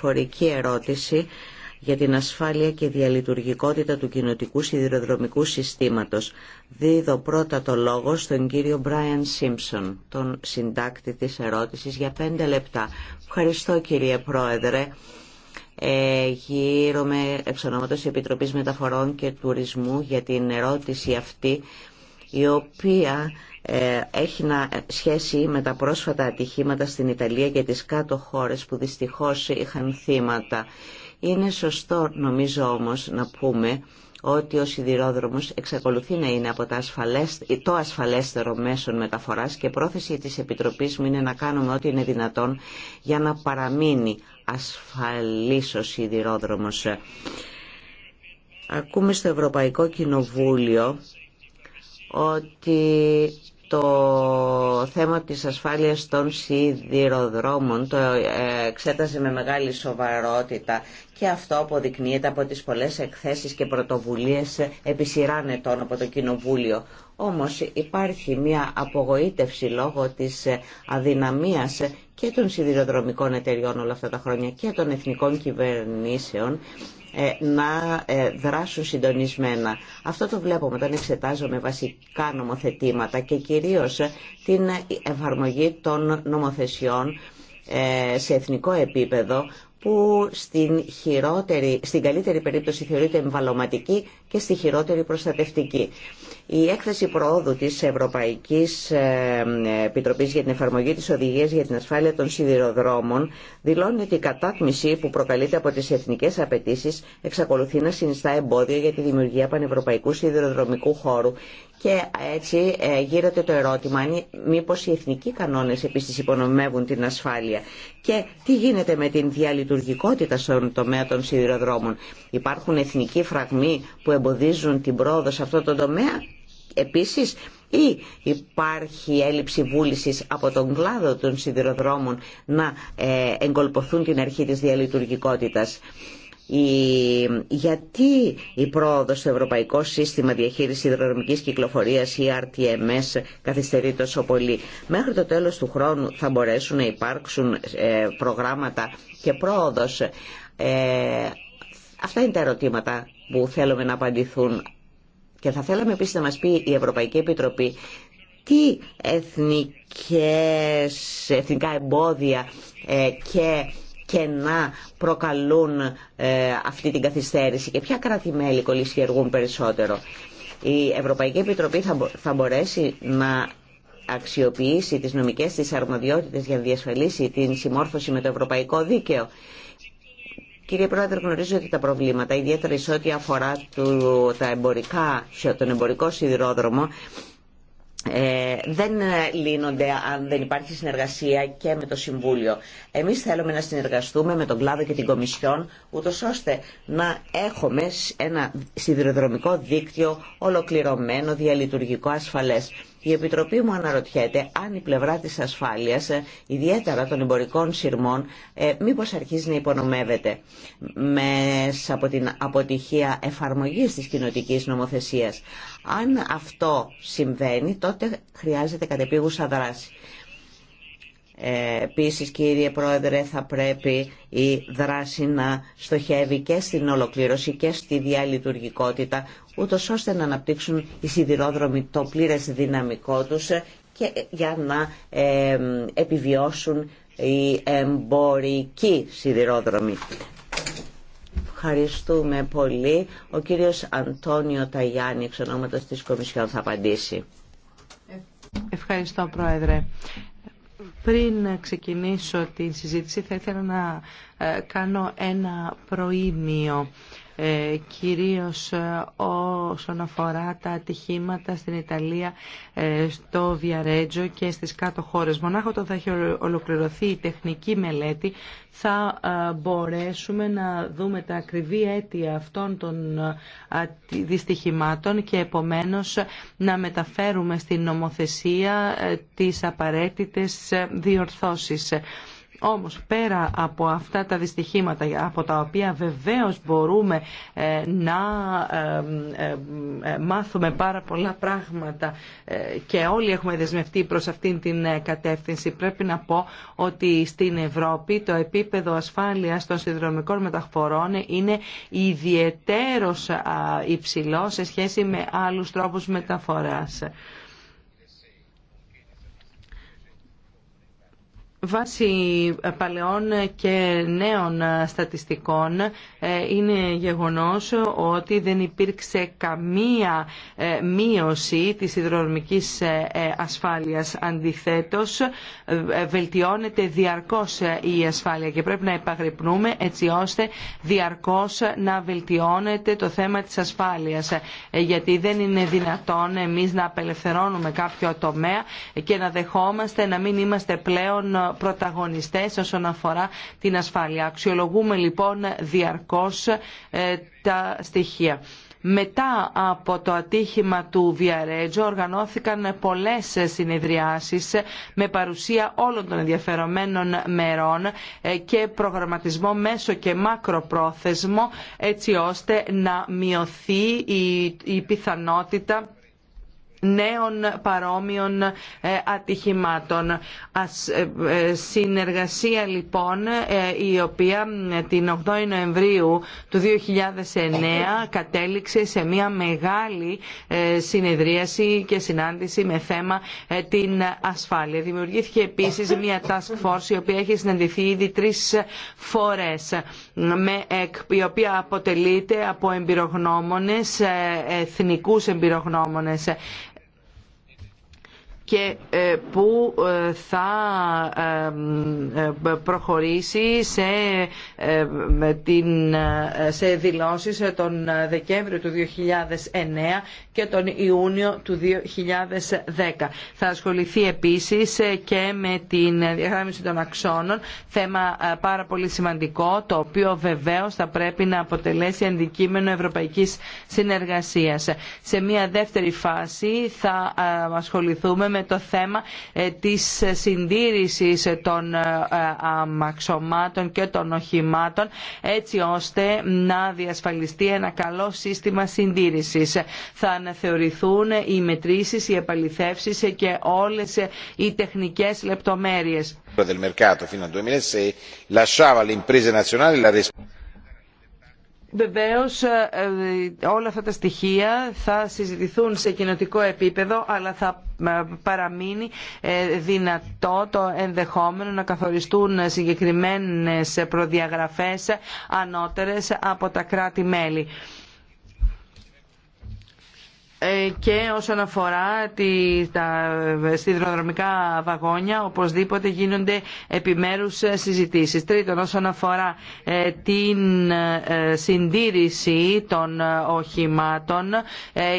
προφορική ερώτηση για την ασφάλεια και διαλειτουργικότητα του κοινοτικού σιδηροδρομικού συστήματος. Δίδω πρώτα το λόγο στον κύριο Μπράιαν Σίμψον, τον συντάκτη της ερώτησης, για πέντε λεπτά. Ευχαριστώ κύριε Πρόεδρε. Ε, γύρω με εξ Επιτροπής Μεταφορών και Τουρισμού για την ερώτηση αυτή η οποία ε, έχει σχέση με τα πρόσφατα ατυχήματα στην Ιταλία και τις κάτω χώρες που δυστυχώς είχαν θύματα. Είναι σωστό νομίζω όμως να πούμε ότι ο σιδηρόδρομος εξακολουθεί να είναι από το ασφαλέστερο μέσο μεταφοράς και πρόθεση της Επιτροπής μου είναι να κάνουμε ό,τι είναι δυνατόν για να παραμείνει ασφαλής ο σιδηρόδρομος. Ακούμε στο Ευρωπαϊκό Κοινοβούλιο ότι το θέμα της ασφάλειας των σιδηροδρόμων το ε, εξέταζε με μεγάλη σοβαρότητα και αυτό αποδεικνύεται από τις πολλές εκθέσεις και πρωτοβουλίες επί σειράν ετών από το Κοινοβούλιο. Όμως υπάρχει μια απογοήτευση λόγω της αδυναμίας και των σιδηροδρομικών εταιριών όλα αυτά τα χρόνια και των εθνικών κυβερνήσεων ε, να ε, δράσουν συντονισμένα. Αυτό το βλέπουμε όταν εξετάζουμε βασικά νομοθετήματα και κυρίως ε, την εφαρμογή των νομοθεσιών σε εθνικό επίπεδο που στην, χειρότερη, στην καλύτερη περίπτωση θεωρείται εμβαλωματική και στη χειρότερη προστατευτική. Η έκθεση προόδου της Ευρωπαϊκής ε, Επιτροπής για την εφαρμογή της οδηγίας για την ασφάλεια των σιδηροδρόμων δηλώνει ότι η κατάκμηση που προκαλείται από τις εθνικές απαιτήσεις εξακολουθεί να συνιστά εμπόδιο για τη δημιουργία πανευρωπαϊκού σιδηροδρομικού χώρου και έτσι ε, γύρεται το ερώτημα αν μήπως οι εθνικοί κανόνες επίσης υπονομεύουν την ασφάλεια και τι γίνεται με την διαλειτουργικότητα στον τομέα των σιδηροδρόμων. Υπάρχουν εθνικοί φραγμοί που εμποδίζουν την πρόοδο σε αυτό το τομέα επίσης ή υπάρχει έλλειψη βούλησης από τον κλάδο των σιδηροδρόμων να ε, εγκολποθούν την αρχή της διαλειτουργικότητας. Η... Γιατί η πρόοδος στο Ευρωπαϊκό Σύστημα Διαχείρισης Ιδροδρομικής Κυκλοφορίας ή RTMS καθυστερεί τόσο πολύ. Μέχρι το τέλος του χρόνου θα μπορέσουν να υπάρξουν ε, προγράμματα και πρόοδος. Ε, αυτά είναι τα ερωτήματα που θέλουμε να απαντηθούν. Και θα θέλαμε επίσης να μας πει η Ευρωπαϊκή Επιτροπή τι εθνικές, εθνικά εμπόδια ε, και κενά προκαλούν ε, αυτή την καθυστέρηση και ποια κράτη-μέλη κολλησιεργούν περισσότερο. Η Ευρωπαϊκή Επιτροπή θα μπορέσει να αξιοποιήσει τις νομικές της αρμοδιότητες για να διασφαλίσει την συμμόρφωση με το ευρωπαϊκό δίκαιο. Κύριε Πρόεδρε, γνωρίζω ότι τα προβλήματα, ιδιαίτερα σε ό,τι αφορά του, τα εμπορικά, τον εμπορικό σιδηρόδρομο, ε, δεν ε, λύνονται αν δεν υπάρχει συνεργασία και με το Συμβούλιο. Εμείς θέλουμε να συνεργαστούμε με τον κλάδο και την Κομισιόν, ούτω ώστε να έχουμε ένα σιδηροδρομικό δίκτυο ολοκληρωμένο, διαλειτουργικό, ασφαλές. Η Επιτροπή μου αναρωτιέται αν η πλευρά της ασφάλειας, ε, ιδιαίτερα των εμπορικών σειρμών, ε, μήπως αρχίζει να υπονομεύεται μέσα από την αποτυχία εφαρμογής της κοινοτικής νομοθεσίας. Αν αυτό συμβαίνει, τότε χρειάζεται κατεπίγουσα δράση. Ε, Επίση, κύριε Πρόεδρε, θα πρέπει η δράση να στοχεύει και στην ολοκλήρωση και στη διαλειτουργικότητα, ούτω ώστε να αναπτύξουν οι σιδηρόδρομοι το πλήρε δυναμικό του και για να επιβιώσουν οι εμπορικοί σιδηρόδρομοι. Ευχαριστούμε πολύ. Ο κύριος Αντώνιο Ταγιάννη, εξ ονόματος της Κομισιόν, θα απαντήσει. Ευχαριστώ, Πρόεδρε. Πριν ξεκινήσω την συζήτηση θα ήθελα να ε, κάνω ένα προήμιο. Ε, κυρίως ε, όσον αφορά τα ατυχήματα στην Ιταλία, ε, στο Βιαρέτζο και στις κάτω χώρες. Μονάχα όταν θα έχει ολοκληρωθεί η τεχνική μελέτη θα μπορέσουμε να δούμε τα ακριβή αίτια αυτών των δυστυχημάτων και επομένως να μεταφέρουμε στην νομοθεσία τις απαραίτητες διορθώσεις. Όμως πέρα από αυτά τα δυστυχήματα από τα οποία βεβαίως μπορούμε ε, να ε, ε, μάθουμε πάρα πολλά πράγματα και όλοι έχουμε δεσμευτεί προς αυτήν την κατεύθυνση πρέπει να πω ότι στην Ευρώπη το επίπεδο ασφάλειας των συνδρομικών μεταφορών είναι ιδιαιτέρως υψηλό σε σχέση με άλλους τρόπους μεταφοράς. Βάσει παλαιών και νέων στατιστικών ε, είναι γεγονός ότι δεν υπήρξε καμία ε, μείωση της υδρονομικής ε, ασφάλειας. Αντιθέτως, βελτιώνεται διαρκώς η ασφάλεια και πρέπει να επαγρυπνούμε έτσι ώστε διαρκώς να βελτιώνεται το θέμα της ασφάλειας. Γιατί δεν είναι δυνατόν εμείς να απελευθερώνουμε κάποιο τομέα και να δεχόμαστε να μην είμαστε πλέον πρωταγωνιστές όσον αφορά την ασφάλεια. Αξιολογούμε λοιπόν διαρκώς ε, τα στοιχεία. Μετά από το ατύχημα του Βιαρέτζο οργανώθηκαν πολλές συνεδριάσεις με παρουσία όλων των ενδιαφερομένων μερών ε, και προγραμματισμό μέσω και μακροπρόθεσμο έτσι ώστε να μειωθεί η πιθανότητα νέων παρόμοιων ε, ατυχημάτων. Ε, ε, συνεργασία λοιπόν η οποία την 8η Νοεμβρίου του 2009 κατέληξε σε μια μεγάλη συνεδρίαση και συνάντηση με θέμα την ασφάλεια. Δημιουργήθηκε επίσης μια task force η οποία έχει συναντηθεί ήδη τρεις φορές η οποία αποτελείται από εμπειρογνώμονες, εθνικούς εμπειρογνώμονες και ε, που ε, θα ε, προχωρήσει σε, την, σε δηλώσεις τον Δεκέμβριο του 2009 και τον Ιούνιο του 2010. Θα ασχοληθεί επίσης και με την διαγράμμιση των αξώνων, θέμα πάρα πολύ σημαντικό, το οποίο βεβαίως θα πρέπει να αποτελέσει αντικείμενο ευρωπαϊκής συνεργασίας. Σε μια δεύτερη φάση θα ασχοληθούμε με το θέμα ε, της συντήρησης των ε, αμαξωμάτων και των οχημάτων έτσι ώστε να διασφαλιστεί ένα καλό σύστημα συντήρησης. Θα αναθεωρηθούν οι μετρήσεις, οι επαληθεύσεις και όλες οι τεχνικές λεπτομέρειες. Βεβαίω, ε, ε, όλα αυτά τα στοιχεία θα συζητηθούν σε κοινοτικό επίπεδο αλλά θα ε, παραμείνει δυνατό το ενδεχόμενο να καθοριστούν συγκεκριμένες προδιαγραφές ανώτερες από τα κράτη-μέλη. Ε, και όσον αφορά τη, τα σιδηροδρομικά βαγόνια οπωσδήποτε γίνονται επιμέρους συζητήσεις. Τρίτον, όσον αφορά ε, την ε, συντήρηση των οχημάτων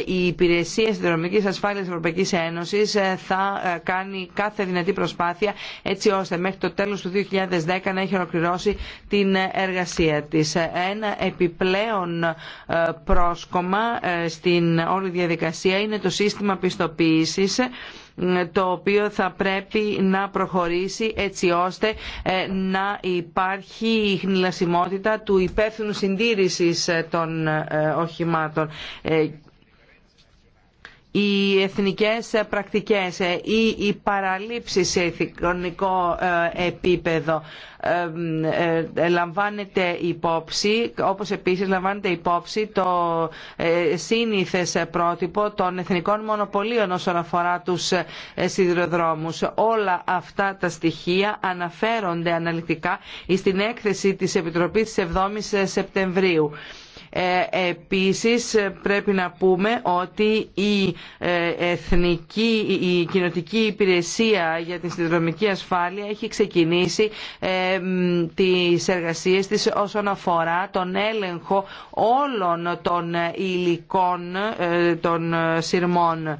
η υπηρεσία σιδηροδρομικής ασφάλειας Ευρωπαϊκής Ένωσης θα κάνει κάθε δυνατή προσπάθεια έτσι ώστε μέχρι το τέλος του 2010 να έχει ολοκληρώσει την εργασία της. Ένα επιπλέον πρόσκομα στην όλη διαδικασία διαδικασία είναι το σύστημα πιστοποίησης ε, το οποίο θα πρέπει να προχωρήσει έτσι ώστε ε, να υπάρχει η χνηλασιμότητα του υπεύθυνου συντήρησης ε, των οχημάτων οι εθνικές πρακτικές ε, ή οι παραλήψεις σε εθνικό ε, επίπεδο ε, λαμβάνεται υπόψη, όπως επίσης λαμβάνεται υπόψη το σύνηθες πρότυπο των εθνικών μονοπωλίων όσον αφορά τους σιδηροδρόμους. Όλα αυτά τα στοιχεία αναφέρονται αναλυτικά στην έκθεση της Επιτροπής της 7ης Σεπτεμβρίου. Ε, επίσης πρέπει να πούμε ότι η ε, εθνική, η κοινοτική υπηρεσία για την συνδρομική ασφάλεια έχει ξεκινήσει ε, τις εργασίες της όσον αφορά τον έλεγχο όλων των υλικών των σειρμών.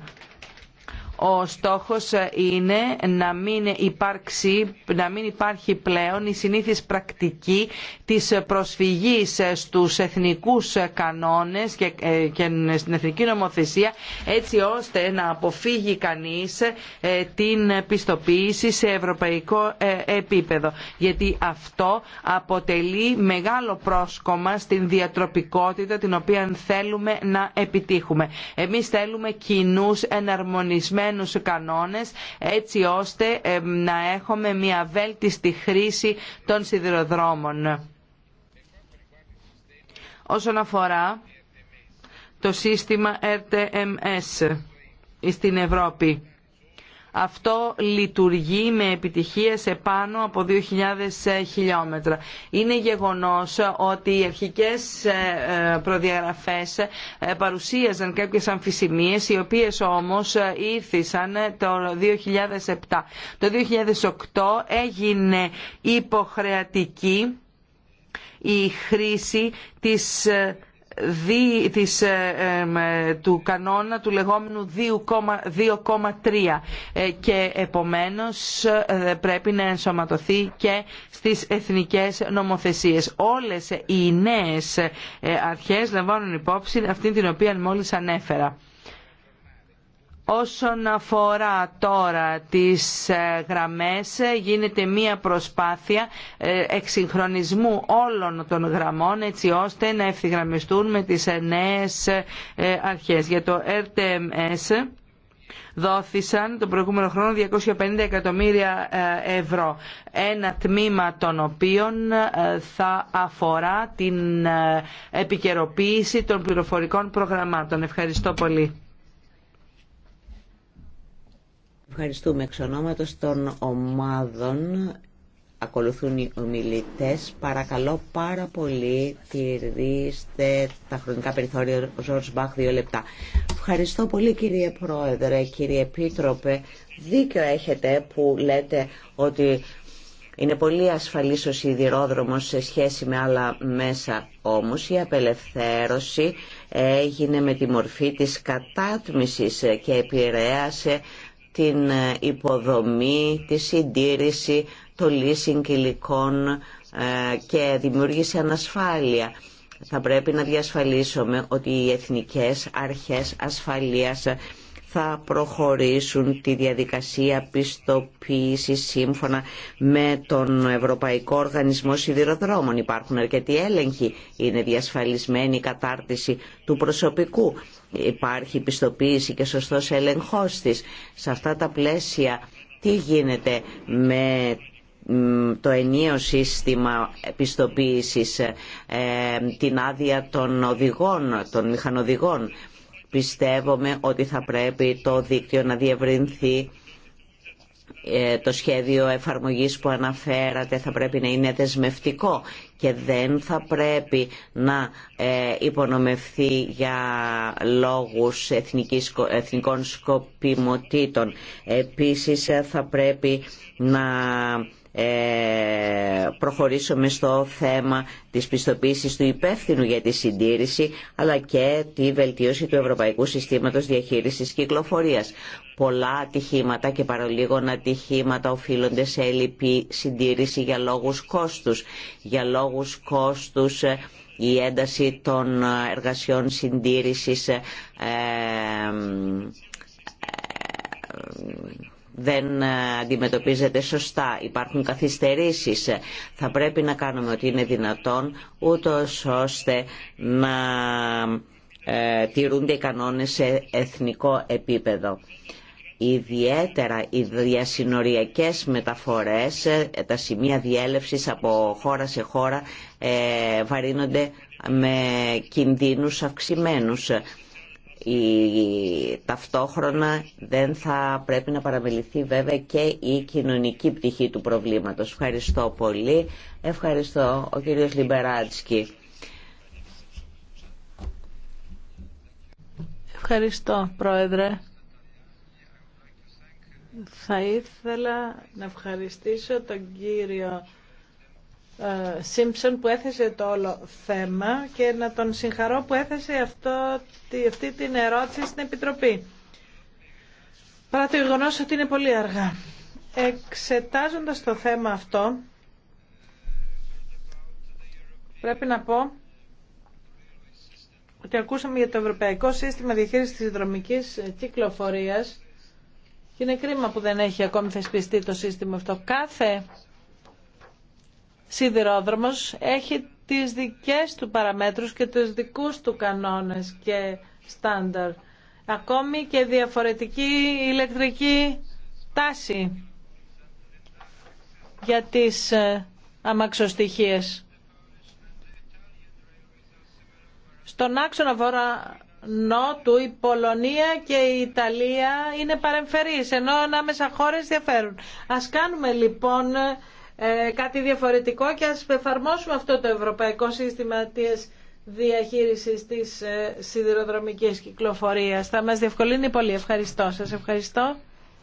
Ο στόχος είναι να μην, υπάρξει, να μην υπάρχει πλέον η συνήθις πρακτική της προσφυγής στους εθνικούς κανόνες και, ε, στην εθνική νομοθεσία έτσι ώστε να αποφύγει κανείς ε, την πιστοποίηση σε ευρωπαϊκό ε, επίπεδο. Γιατί αυτό αποτελεί μεγάλο πρόσκομα στην διατροπικότητα την οποία θέλουμε να επιτύχουμε. Εμείς θέλουμε κοινούς εναρμονισμένους κανόνες έτσι ώστε να έχουμε μια βέλτιστη χρήση των σιδηροδρόμων. Όσον αφορά το σύστημα RTMS ε, στην Ευρώπη αυτό λειτουργεί με επιτυχία επάνω πάνω από 2.000 ε, χιλιόμετρα. Είναι γεγονός ότι οι αρχικές ε, ε, προδιαγραφές παρουσίαζαν κάποιες αμφισημίες οι οποίες όμως ήρθησαν το 2007. Το 2008 έγινε υποχρεατική η χρήση της ε, ε, του κανόνα του λεγόμενου 2,3 ε, και επομένως πρέπει να ενσωματωθεί και στις εθνικές νομοθεσίες. Όλες οι νέες αρχές λαμβάνουν υπόψη αυτήν την οποία μόλις ανέφερα. Όσον αφορά τώρα τις ε, γραμμές, ε, γίνεται μία προσπάθεια ε, εξυγχρονισμού όλων των γραμμών έτσι ώστε να ευθυγραμμιστούν με τις νέες αρχές. Για το RTMS δόθησαν τον προηγούμενο χρόνο 250 εκατομμύρια ευρώ, ένα τμήμα των οποίων θα αφορά την επικαιροποίηση των πληροφορικών προγραμμάτων. Ευχαριστώ πολύ. Ευχαριστούμε εξ ονόματος των ομάδων. Ακολουθούν οι ομιλητές. Παρακαλώ πάρα πολύ τηρήστε τα χρονικά περιθώρια Ζόρτς Μπαχ δύο λεπτά. Ευχαριστώ πολύ κύριε Πρόεδρε, κύριε Επίτροπε. Δίκιο έχετε που λέτε ότι είναι πολύ ασφαλής ο σιδηρόδρομος σε σχέση με άλλα μέσα. Όμως η απελευθέρωση έγινε με τη μορφή της κατάτμισης και επηρέασε την ε, υποδομή, τη συντήρηση, το leasing υλικών ε, και δημιούργησε ανασφάλεια. Θα πρέπει να διασφαλίσουμε ότι οι εθνικές αρχές ασφαλείας θα προχωρήσουν τη διαδικασία πιστοποίηση σύμφωνα με τον Ευρωπαϊκό Οργανισμό Σιδηροδρόμων. Υπάρχουν αρκετοί έλεγχοι, είναι διασφαλισμένη η κατάρτιση του προσωπικού υπάρχει πιστοποίηση και σωστός έλεγχός της. Σε αυτά τα πλαίσια τι γίνεται με το ενίο σύστημα πιστοποίησης, ε, την άδεια των οδηγών, των μηχανοδηγών. Πιστεύουμε ότι θα πρέπει το δίκτυο να διευρυνθεί ε, το σχέδιο εφαρμογής που αναφέρατε θα πρέπει να είναι δεσμευτικό και δεν θα πρέπει να ε, υπονομευθεί για λόγους εθνικής, εθνικών σκοπιμοτήτων. Επίσης ε, θα πρέπει να ε, προχωρήσουμε στο θέμα της πιστοποίησης του υπεύθυνου για τη συντήρηση αλλά και τη βελτίωση του Ευρωπαϊκού Συστήματος Διαχείρισης Κυκλοφορίας. Πολλά ατυχήματα και παρολίγων ατυχήματα οφείλονται σε έλλειπη συντήρηση για λόγους κόστους. Για λόγους κόστους ε, η ένταση των εργασιών συντήρησης ε, δεν ε, αντιμετωπίζεται σωστά, υπάρχουν καθυστερήσεις. Θα πρέπει να κάνουμε ότι είναι δυνατόν, ούτω ώστε να ε, τηρούνται οι κανόνες σε εθνικό επίπεδο. Ιδιαίτερα οι διασυνοριακές μεταφορές, ε, τα σημεία διέλευσης από χώρα σε χώρα ε, βαρύνονται με κινδύνους αυξημένους. Ταυτόχρονα δεν θα πρέπει να παραμεληθεί βέβαια και η κοινωνική πτυχή του προβλήματος. Ευχαριστώ πολύ. Ευχαριστώ ο κύριος Λιμπεράτσκι. Ευχαριστώ Πρόεδρε. Θα ήθελα να ευχαριστήσω τον κύριο ε, Σίμψον που έθεσε το όλο θέμα και να τον συγχαρώ που έθεσε αυτό, αυτή την ερώτηση στην Επιτροπή. Παρά το γεγονό ότι είναι πολύ αργά. Εξετάζοντας το θέμα αυτό, πρέπει να πω ότι ακούσαμε για το Ευρωπαϊκό Σύστημα Διαχείρισης της Δρομικής Κυκλοφορίας και είναι κρίμα που δεν έχει ακόμη θεσπιστεί το σύστημα αυτό. Κάθε σιδηρόδρομος έχει τις δικές του παραμέτρους και τους δικούς του κανόνες και στάνταρ. Ακόμη και διαφορετική ηλεκτρική τάση για τις ε, αμαξοστοιχίες. Στον άξονα βορρά νότου η Πολωνία και η Ιταλία είναι παρεμφερείς, ενώ ανάμεσα χώρες διαφέρουν. Ας κάνουμε λοιπόν ε, κάτι διαφορετικό και ας εφαρμόσουμε αυτό το ευρωπαϊκό σύστημα της διαχείρισης της ε, σιδηροδρομικής κυκλοφορίας. Θα μας διευκολύνει πολύ. Ευχαριστώ. Σας ευχαριστώ.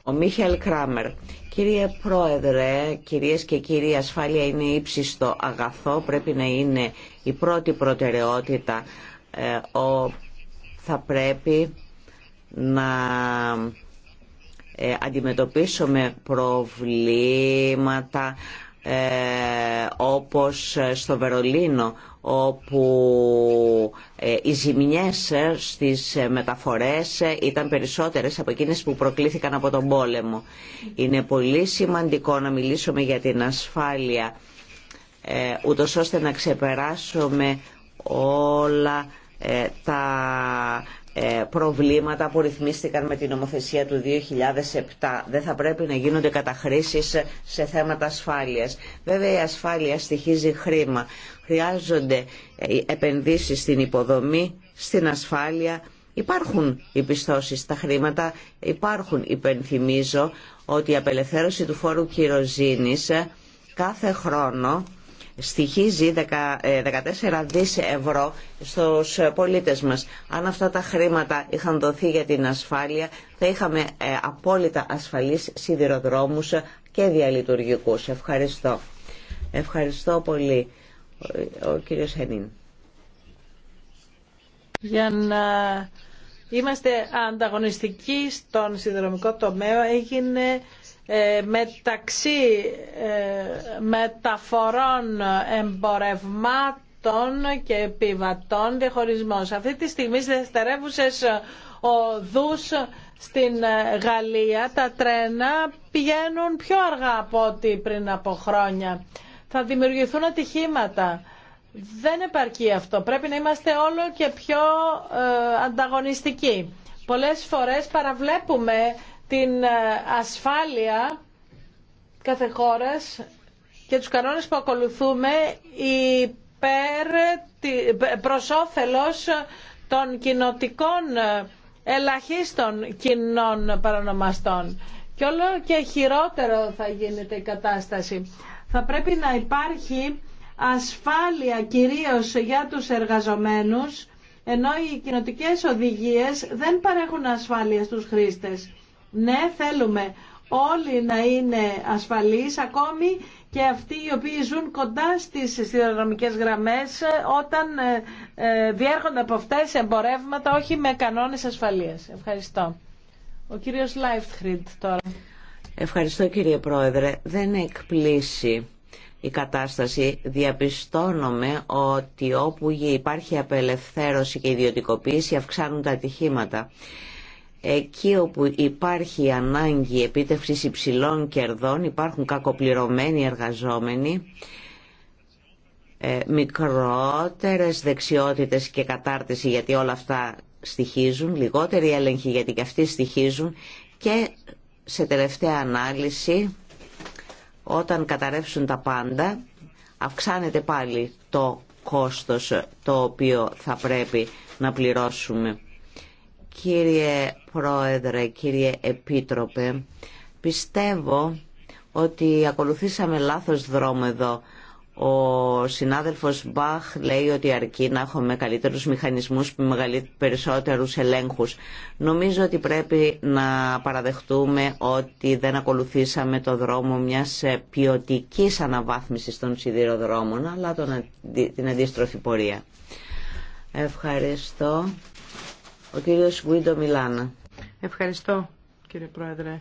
Ο Μίχελ Κράμερ. Κύριε Πρόεδρε, κυρίες και κύριοι, ασφάλεια είναι ύψιστο αγαθό, πρέπει να είναι η πρώτη προτεραιότητα. Ε, ο, θα πρέπει να ε, αντιμετωπίσουμε προβλήματα ε, όπως στο Βερολίνο όπου ε, οι ζημιές στις μεταφορές ήταν περισσότερες από εκείνες που προκλήθηκαν από τον πόλεμο. Είναι πολύ σημαντικό να μιλήσουμε για την ασφάλεια ούτως ώστε να ξεπεράσουμε όλα τα ε, προβλήματα που ρυθμίστηκαν με την νομοθεσία του 2007. Δεν θα πρέπει να γίνονται καταχρήσεις σε θέματα ασφάλειας. Βέβαια η ασφάλεια στοιχίζει χρήμα. Χρειάζονται ε, επενδύσεις στην υποδομή, στην ασφάλεια. Υπάρχουν οι πιστώσεις, τα χρήματα υπάρχουν. Υπενθυμίζω ότι η απελευθέρωση του φόρου κυροζήνης ε, κάθε χρόνο στοιχίζει 14 ε, δις ευρώ στους πολίτες μας. Αν αυτά τα χρήματα είχαν δοθεί για την ασφάλεια, θα είχαμε ε, απόλυτα ασφαλείς σιδηροδρόμους και διαλειτουργικούς. Ευχαριστώ. Ευχαριστώ πολύ, ο κύριος Χενίν. Για να είμαστε ανταγωνιστικοί στον σιδηροδρομικό τομέα έγινε ε, μεταξύ ε, μεταφορών εμπορευμάτων και επιβατών διαχωρισμός. Αυτή τη στιγμή στις ο οδούς στην ε, Γαλλία τα τρένα πηγαίνουν πιο αργά από ό,τι πριν από χρόνια. Θα δημιουργηθούν ατυχήματα. Δεν επαρκεί αυτό. Πρέπει να είμαστε όλο και πιο ανταγωνιστικοί. Πολλές φορές παραβλέπουμε την ε, ασφάλεια κάθε χώρας και τους κανόνες που ακολουθούμε υπέρ, προς όφελος των κοινοτικών ε, ελαχίστων κοινών παρανομαστών. Και όλο και χειρότερο θα γίνεται η κατάσταση. Θα πρέπει να υπάρχει ασφάλεια κυρίως για τους εργαζομένους, ενώ οι κοινοτικές οδηγίες δεν παρέχουν ασφάλεια στους χρήστες. Ναι, θέλουμε όλοι να είναι ασφαλείς, ακόμη και αυτοί οι οποίοι ζουν κοντά στις σιδηροδρομικές γραμμές όταν ε, ε, διέρχονται από αυτές εμπορεύματα όχι με κανόνες ασφαλείας. Ευχαριστώ. Ο κύριος Λάιφτχριντ τώρα. Ευχαριστώ κύριε Πρόεδρε. Δεν εκπλήσει η κατάσταση. Διαπιστώνομαι ότι όπου υπάρχει απελευθέρωση και ιδιωτικοποίηση αυξάνουν τα ατυχήματα εκεί όπου υπάρχει ανάγκη επίτευξης υψηλών κερδών υπάρχουν κακοπληρωμένοι εργαζόμενοι ε, μικρότερες δεξιότητες και κατάρτιση γιατί όλα αυτά στοιχίζουν, λιγότερη έλεγχη γιατί και αυτοί στοιχίζουν και σε τελευταία ανάλυση όταν καταρρεύσουν τα πάντα αυξάνεται πάλι το κόστος το οποίο θα πρέπει να πληρώσουμε. Κύριε Πρόεδρε, κύριε Επίτροπε, πιστεύω ότι ακολουθήσαμε λάθος δρόμο εδώ. Ο συνάδελφος Μπαχ λέει ότι αρκεί να έχουμε καλύτερους μηχανισμούς, περισσότερους ελέγχους. Νομίζω ότι πρέπει να παραδεχτούμε ότι δεν ακολουθήσαμε το δρόμο μιας ποιοτική αναβάθμισης των σιδηροδρόμων, αλλά την αντίστροφη πορεία. Ευχαριστώ. Ο κύριος Βουίντο Μιλάνα. Ευχαριστώ κύριε Πρόεδρε.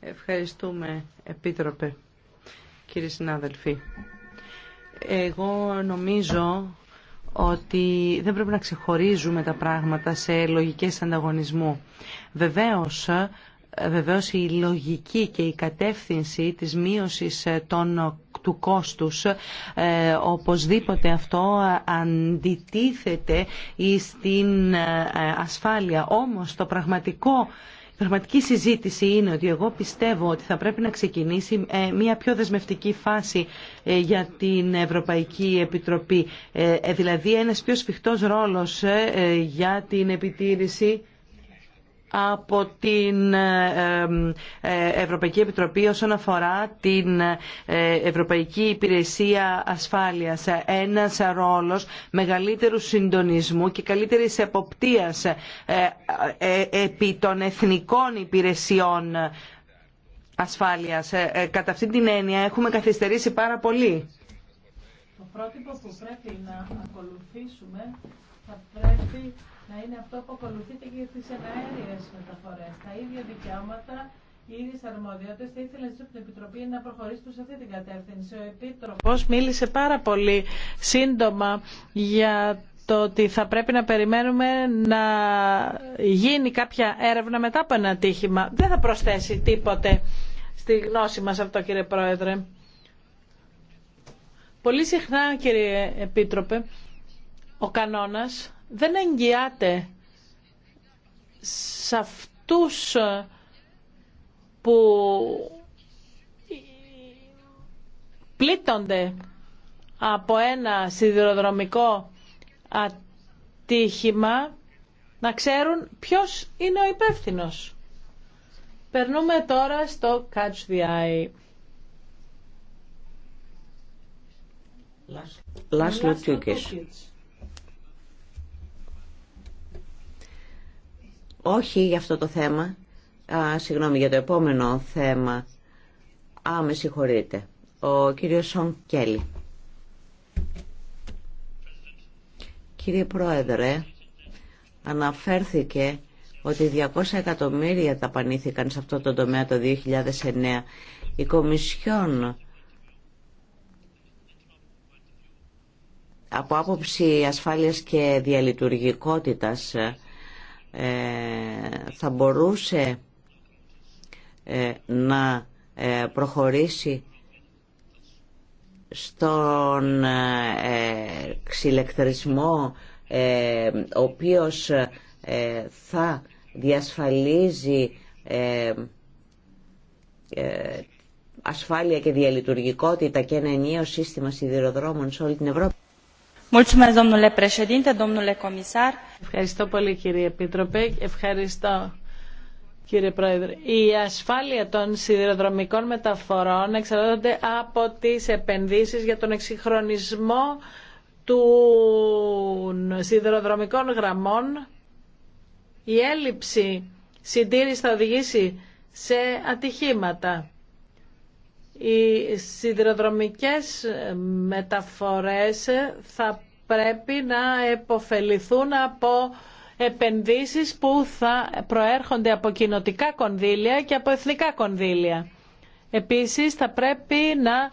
Ευχαριστούμε Επίτροπε, κύριοι συνάδελφοι. Εγώ νομίζω ότι δεν πρέπει να ξεχωρίζουμε τα πράγματα σε λογικές ανταγωνισμού. Βεβαίως, Βεβαίως η λογική και η κατεύθυνση της μείωσης ε, των, ε, του κόστους ε, οπωσδήποτε αυτό αντιτίθεται στην ασφάλεια. Όμως το πραγματικό η πραγματική συζήτηση είναι ότι εγώ πιστεύω ότι θα πρέπει να ξεκινήσει μια πιο δεσμευτική φάση για την Ευρωπαϊκή Επιτροπή. Δηλαδή ένας πιο σφιχτός ρόλος για την επιτήρηση από την ε, Ευρωπαϊκή Επιτροπή όσον αφορά την ε, Ευρωπαϊκή Υπηρεσία Ασφάλειας. Ένας ρόλος μεγαλύτερου συντονισμού και καλύτερης εποπτείας ε, επί των εθνικών υπηρεσιών ασφάλειας. Κατά αυτή την έννοια έχουμε καθυστερήσει πάρα πολύ. Το πρότυπο που πρέπει να ακολουθήσουμε θα πρέπει να είναι αυτό που ακολουθείται και στι εναέριε μεταφορέ. μεταφορές. Τα ίδια δικαιώματα, οι ίδιες αρμοδιότητες. Θα ήθελα από την Επιτροπή να προχωρήσει σε αυτή την κατεύθυνση. Ο Επίτροπος μίλησε πάρα πολύ σύντομα για το ότι θα πρέπει να περιμένουμε να γίνει κάποια έρευνα μετά από ένα τύχημα. Δεν θα προσθέσει τίποτε στη γνώση μας αυτό κύριε Πρόεδρε. Πολύ συχνά κύριε Επίτροπε, ο κανόνας δεν εγγυάται σε αυτούς ε, που πλήττονται από ένα σιδηροδρομικό ατύχημα να ξέρουν ποιος είναι ο υπεύθυνος. Περνούμε τώρα στο Catch the Eye. Όχι για αυτό το θέμα. Α, συγγνώμη, για το επόμενο θέμα. Α, με συγχωρείτε. Ο κύριος Σον Κέλλη. Κύριε Πρόεδρε, αναφέρθηκε ότι 200 εκατομμύρια ταπανήθηκαν σε αυτό το τομέα το 2009. Η Κομισιόν από άποψη ασφάλειας και διαλειτουργικότητας ε, θα μπορούσε ε, να ε, προχωρήσει στον ξυλεκτρισμό ο οποίος θα διασφαλίζει ασφάλεια και διαλειτουργικότητα και ένα ενιαίο σύστημα σιδηροδρόμων σε όλη την Ευρώπη. Ευχαριστώ πολύ κύριε Επίτροπε. Ευχαριστώ κύριε Πρόεδρε. Η ασφάλεια των σιδηροδρομικών μεταφορών εξαρτάται από τις επενδύσεις για τον εξυγχρονισμό των σιδηροδρομικών γραμμών. Η έλλειψη συντήρηση θα οδηγήσει σε ατυχήματα οι σιδηροδρομικές μεταφορές θα πρέπει να επωφεληθούν από επενδύσεις που θα προέρχονται από κοινοτικά κονδύλια και από εθνικά κονδύλια. Επίσης θα πρέπει να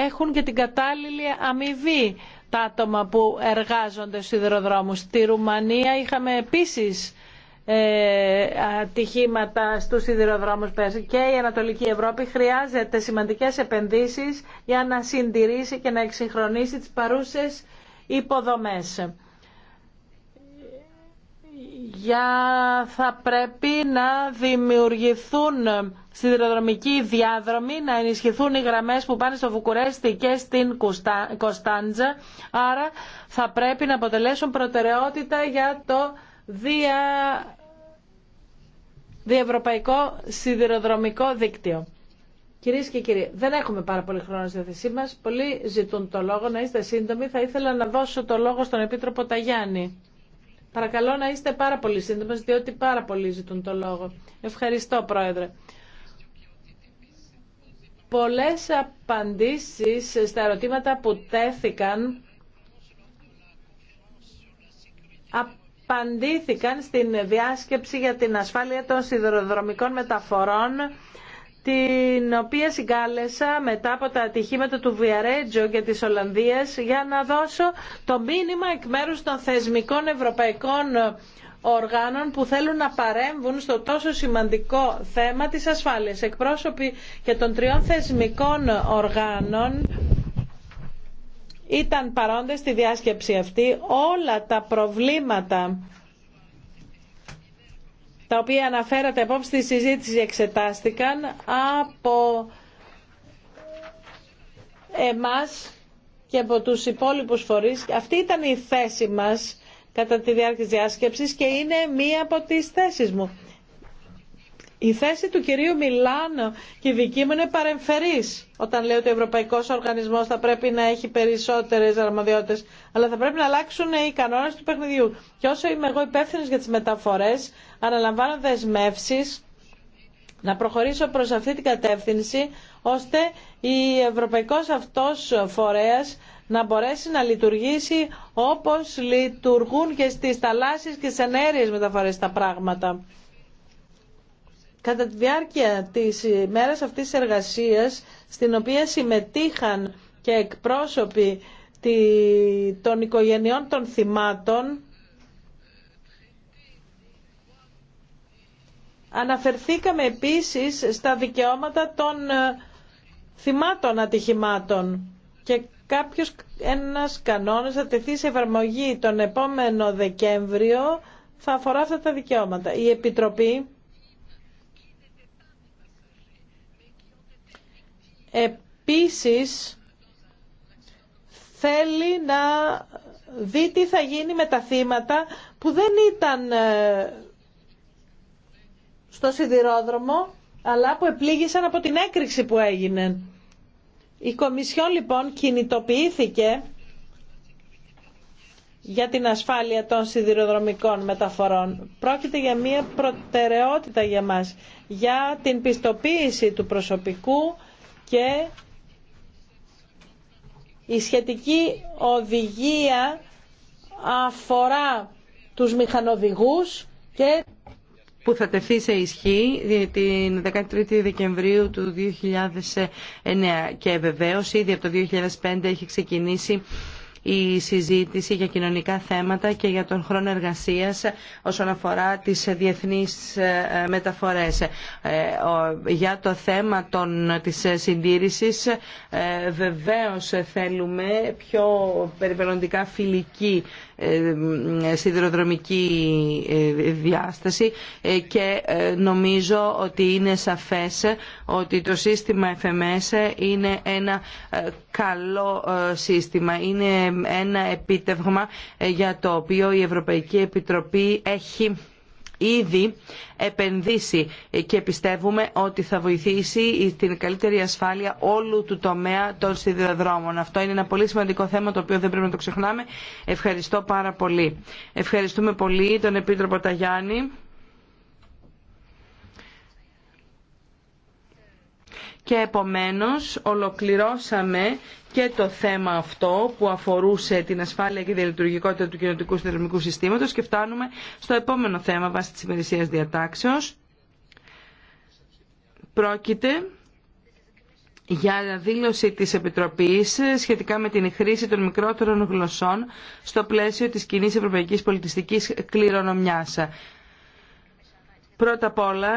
έχουν και την κατάλληλη αμοιβή τα άτομα που εργάζονται στους σιδηροδρόμους. Στη Ρουμανία είχαμε επίσης ε, ατυχήματα στους σιδηροδρόμους και η Ανατολική Ευρώπη χρειάζεται σημαντικέ επενδύσεις για να συντηρήσει και να εξυγχρονίσει τις παρούσες υποδομές. Για θα πρέπει να δημιουργηθούν σιδηροδρομικοί διάδρομοι, να ενισχυθούν οι γραμμές που πάνε στο Βουκουρέστι και στην Κωνσταντζα, άρα θα πρέπει να αποτελέσουν προτεραιότητα για το δια... διευρωπαϊκό σιδηροδρομικό δίκτυο. Κυρίε και κύριοι, δεν έχουμε πάρα πολύ χρόνο στη θέση μα. Πολλοί ζητούν το λόγο. Να είστε σύντομοι. Θα ήθελα να δώσω το λόγο στον Επίτροπο Ταγιάννη. Παρακαλώ να είστε πάρα πολύ σύντομοι, διότι πάρα πολλοί ζητούν το λόγο. Ευχαριστώ, Πρόεδρε. Πολλές απαντήσεις στα ερωτήματα που τέθηκαν απαντήθηκαν στην διάσκεψη για την ασφάλεια των σιδηροδρομικών μεταφορών την οποία συγκάλεσα μετά από τα ατυχήματα του Βιαρέτζο και της Ολλανδίας για να δώσω το μήνυμα εκ μέρους των θεσμικών ευρωπαϊκών οργάνων που θέλουν να παρέμβουν στο τόσο σημαντικό θέμα της ασφάλειας. Εκπρόσωποι και των τριών θεσμικών οργάνων ήταν παρόντες στη διάσκεψη αυτή όλα τα προβλήματα τα οποία αναφέρατε απόψε στη συζήτηση εξετάστηκαν από εμάς και από τους υπόλοιπους φορείς. Αυτή ήταν η θέση μας κατά τη διάρκεια της διάσκεψης και είναι μία από τις θέσεις μου. Η θέση του κυρίου Μιλάνο και η δική μου είναι παρεμφερή όταν λέει ότι ο ευρωπαϊκό οργανισμό θα πρέπει να έχει περισσότερε αρμοδιότητες αλλά θα πρέπει να αλλάξουν οι κανόνε του παιχνιδιού. Και όσο είμαι εγώ υπεύθυνο για τι μεταφορέ, αναλαμβάνω δεσμεύσει να προχωρήσω προς αυτή την κατεύθυνση ώστε η ευρωπαϊκός αυτός φορέας να μπορέσει να λειτουργήσει όπως λειτουργούν και στις θαλάσσιες και στις ενέργειες μεταφορές τα πράγματα. Κατά τη διάρκεια της μέρας αυτής της εργασίας, στην οποία συμμετείχαν και εκπρόσωποι των οικογενειών των θυμάτων, Αναφερθήκαμε επίσης στα δικαιώματα των ε, θυμάτων ατυχημάτων και κάποιος ένας κανόνας θα τεθεί σε εφαρμογή τον επόμενο Δεκέμβριο θα αφορά αυτά τα δικαιώματα. Η Επιτροπή Επίσης, θέλει να δει τι θα γίνει με τα θύματα που δεν ήταν ε, στο σιδηρόδρομο, αλλά που επλήγησαν από την έκρηξη που έγινε. Η Κομισιόν λοιπόν κινητοποιήθηκε για την ασφάλεια των σιδηροδρομικών μεταφορών. Πρόκειται για μια προτεραιότητα για μας, για την πιστοποίηση του προσωπικού, και η σχετική οδηγία αφορά τους μηχανοδηγούς και που θα τεθεί σε ισχύ την 13η Δεκεμβρίου του 2009 και βεβαίως ήδη από το 2005 έχει ξεκινήσει η συζήτηση για κοινωνικά θέματα και για τον χρόνο εργασίας όσον αφορά τις διεθνείς ε, μεταφορές. Ε, για το θέμα των, της συντήρησης ε, βεβαίως θέλουμε πιο περιβαλλοντικά φιλική ε, σιδηροδρομική ε, διάσταση ε, και νομίζω ότι είναι σαφές ότι το σύστημα FMS είναι ένα καλό σύστημα. Είναι ένα επίτευγμα για το οποίο η Ευρωπαϊκή Επιτροπή έχει ήδη επενδύσει και πιστεύουμε ότι θα βοηθήσει την καλύτερη ασφάλεια όλου του τομέα των σιδηροδρόμων. Αυτό είναι ένα πολύ σημαντικό θέμα το οποίο δεν πρέπει να το ξεχνάμε. Ευχαριστώ πάρα πολύ. Ευχαριστούμε πολύ τον Επίτροπο Ταγιάννη. και επομένως ολοκληρώσαμε και το θέμα αυτό που αφορούσε την ασφάλεια και τη λειτουργικότητα του κοινωτικού συνδρομικού συστήματος και φτάνουμε στο επόμενο θέμα βάσει της υπηρεσίας διατάξεως. Πρόκειται για δήλωση της Επιτροπής σχετικά με την χρήση των μικρότερων γλωσσών στο πλαίσιο της κοινή ευρωπαϊκής πολιτιστικής κληρονομιάς. Πρώτα απ' όλα